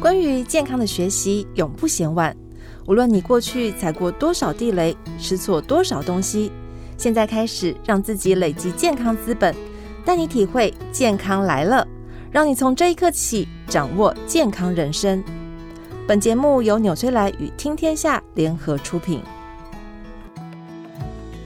關於健康的學習，永不嫌晚。無論你過去踩過多少地雷，吃錯多少東西，現在開始讓自己累積健康資本，帶你體會健康來了，讓你從這一刻起掌握健康人生。本節目由紐崔萊與聽天下聯合出品。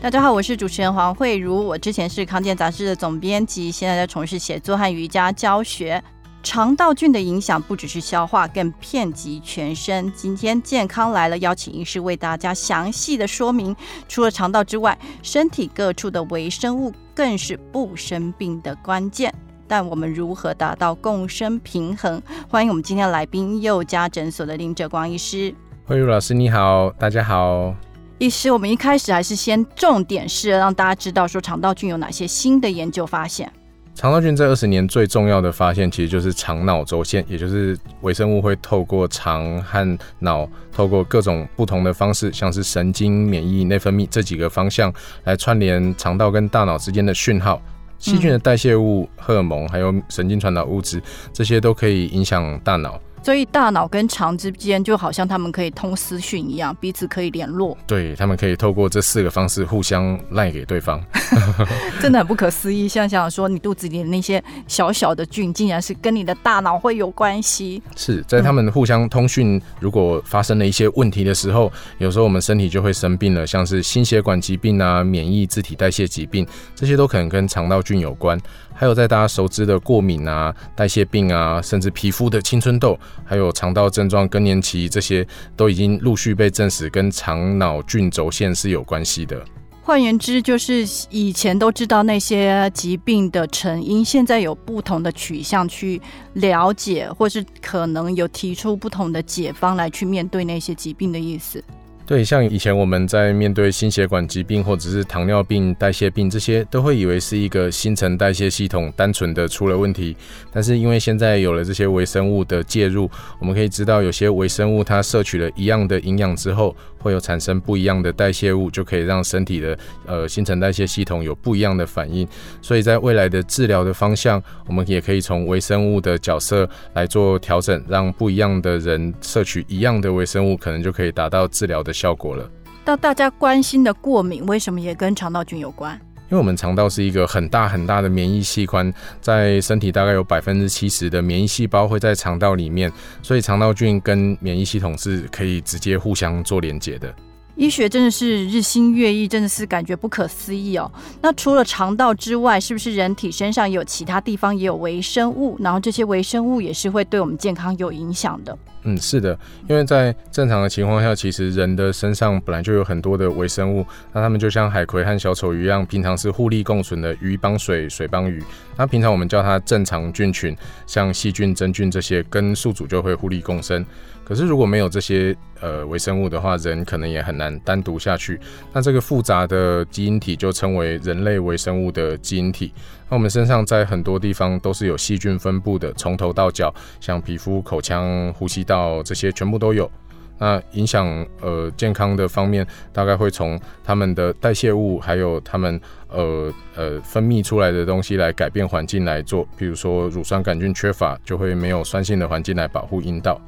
大家好，我是主持人黃惠如。我之前是康健雜誌的總編輯，現在在從事寫作和瑜伽教學。腸道菌的影響不只是消化，更遍及全身。今天健康來了，邀請醫師為大家詳細的說明，除了腸道之外，身體各處的微生物更是不生病的關鍵。但我們如何達到共生平衡？歡迎我們今天的來賓，佑家診所的林哲光醫師。惠如老師你好，大家好。醫師，我們一開始還是先重點是讓大家知道說，說腸道菌有哪些新的研究發現。腸道菌這二十年最重要的發現，其實就是腸腦軸線，也就是微生物會透過腸和腦，透過各種不同的方式，像是神經、免疫、內分泌這幾個方向，來串聯腸道跟大腦之間的訊號。細菌的代謝物、荷爾蒙，還有神經傳導物質，這些都可以影響大腦。所以大腦跟腸之間就好像他們可以通私訊一樣，彼此可以聯絡。對，他們可以透過這四個方式互相賴給對方， 真的很不可思議。想想說，你肚子裡的那些小小的菌，竟然是跟你的大腦會有關係。是在他們互相通訊，如果發生了一些問題的時候、嗯，有時候我們身體就會生病了，像是心血管疾病啊、免疫、自體代謝疾病，這些都可能跟腸道菌有關。還有在大家熟知的過敏啊、代謝病啊，甚至皮膚的青春痘，還有腸道症狀、更年期，這些都已經陸續被證實跟腸腦菌軸線是有關係的。換言之，就是以前都知道那些疾病的成因，現在有不同的取向去了解，或是可能有提出不同的解方來去面對那些疾病的意思。對，像以前我們在面對心血管疾病或者是糖尿病代謝病這些，都會以為是一個新陳代謝系統單純的出了問題。但是因為現在有了這些微生物的介入，我們可以知道有些微生物它攝取了一樣的營養之後。會有產生不一樣的代謝物，就可以讓身體的呃新陳代謝系統有不一樣的反應。所以在未來的治療的方向，我們也可以從微生物的角色來做調整，讓不一樣的人攝取一樣的微生物，可能就可以達到治療的效果了。那大家關心的過敏，為什麼也跟腸道菌有關？因為我們腸道是一個很大很大的免疫器官，在身體大概有百分之七十的免疫細胞會在腸道裡面，所以腸道菌跟免疫系統是可以直接互相做連接的。醫學真的是日新月異，真的是感覺不可思議哦。那除了腸道之外，是不是人體身上也有其他地方也有微生物？然後這些微生物也是會對我們健康有影響的？嗯，是的，因為在正常的情況下，其實人的身上本來就有很多的微生物，那它們就像海葵和小丑魚一樣，平常是互利共存的，魚幫水，水幫魚。那平常我們叫它正常菌群，像細菌、真菌這些，跟宿主就會互利共生。可是如果沒有這些呃微生物的話，人可能也很難單獨下去。那這個複雜的基因體就稱為人類微生物的基因體。那我們身上在很多地方都是有細菌分布的，從頭到腳，像皮膚、口腔、呼吸道。到這些全部都有，那影響呃健康的方面，大概會從他們的代謝物，還有他們呃呃分泌出來的東西來改變環境來做，比如說乳酸桿菌缺乏，就會沒有酸性的環境來保護陰道，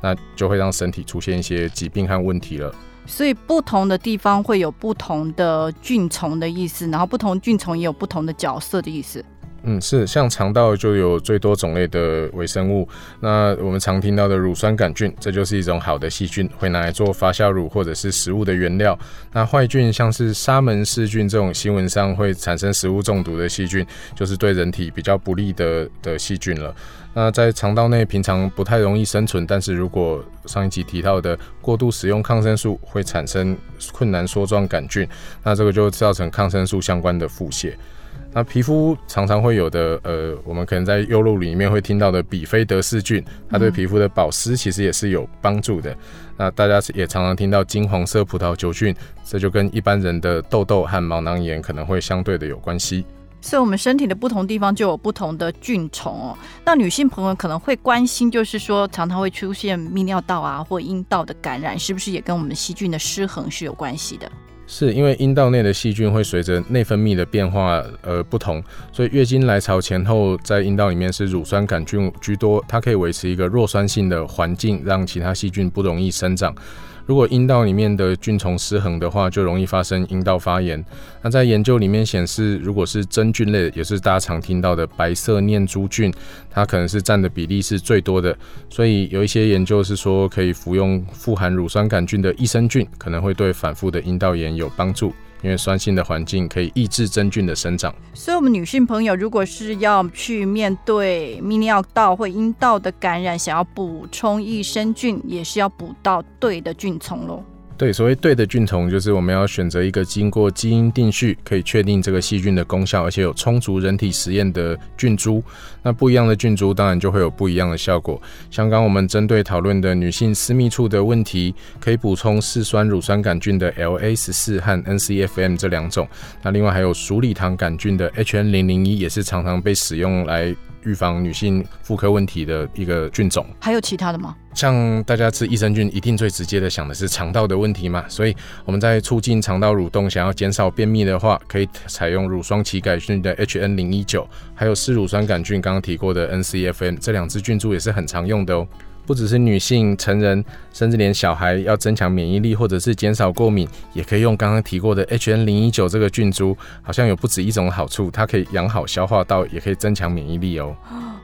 那就會讓身體出現一些疾病和問題了。所以不同的地方會有不同的菌蟲的意思，然後不同菌蟲也有不同的角色的意思。嗯，是像腸道就有最多種類的微生物。那我們常聽到的乳酸桿菌，這就是一種好的細菌，會拿來做發酵乳或者是食物的原料。那壞菌像是沙門氏菌這種新聞上會產生食物中毒的細菌，就是對人體比較不利的的細菌了。那在腸道內平常不太容易生存，但是如果上一集提到的過度使用抗生素會產生困難梭狀桿菌，那這個就造成抗生素相關的腹瀉。那皮膚常常會有的，呃，我們可能在優露裡面會聽到的比菲德氏菌，它對皮膚的保濕其實也是有幫助的。嗯、那大家也常常聽到金黃色葡萄球菌，這就跟一般人的痘痘和毛囊炎可能會相對的有關係。所以，我們身體的不同地方就有不同的菌蟲哦。那女性朋友可能會關心，就是說常常會出現泌尿道啊或陰道的感染，是不是也跟我們細菌的失衡是有關係的？是因為陰道內的細菌會隨着內分泌的變化而不同，所以月經來潮前後在陰道裡面是乳酸桿菌居多，它可以維持一個弱酸性的環境，讓其他細菌不容易生長。如果陰道裡面的菌叢失衡的話，就容易發生陰道發炎。那在研究裡面顯示，如果是真菌類，也是大家常聽到的白色念珠菌，它可能是佔的比例是最多的。所以有一些研究是說，可以服用富含乳酸桿菌的益生菌，可能會對反覆的陰道炎有幫助。因為酸性的環境可以抑制真菌的生長，所以我們女性朋友如果是要去面對泌尿道或陰道的感染，想要補充益生菌，也是要補到對的菌叢嘍。對，所謂對的菌種，就是我們要選擇一個經過基因定序，可以確定這個細菌的功效，而且有充足人體實驗的菌株。那不一樣的菌株，當然就會有不一樣的效果。像剛我們針對討論的女性私密處的問題，可以補充嗜酸乳酸桿菌的 LA-14 和 NCFM 這兩種。那另外還有鼠李糖桿菌的 HN-001，也是常常被使用來。預防女性婦科問題的一個菌種，還有其他的嗎？像大家吃益生菌，一定最直接的想的是腸道的問題嘛，所以我們在促進腸道蠕動，想要減少便秘的話，可以採用乳雙歧桿菌的 HN 零一九，還有嗜乳酸桿菌，剛剛提過的 NCFM，這兩支菌株也是很常用的哦。不只是女性成人，甚至連小孩要增強免疫力或者是減少過敏，也可以用剛剛提過的 HN 零一九這個菌株。好像有不止一種好處，它可以養好消化道，也可以增強免疫力哦。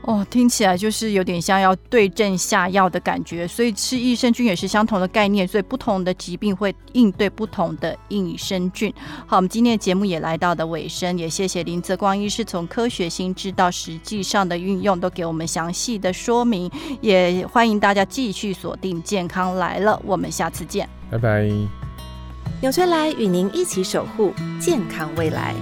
哦，聽起來就是有點像要對症下藥的感覺，所以吃益生菌也是相同的概念，所以不同的疾病會應對不同的益生菌。好，我們今天的節目也來到了尾聲，也謝謝林哲光醫師從科學新知到實際上的運用都給我們詳細的說明，也歡歡迎大家繼續鎖定《健康來了》，我們下次見，拜拜。紐崔萊與您一起守護健康未來。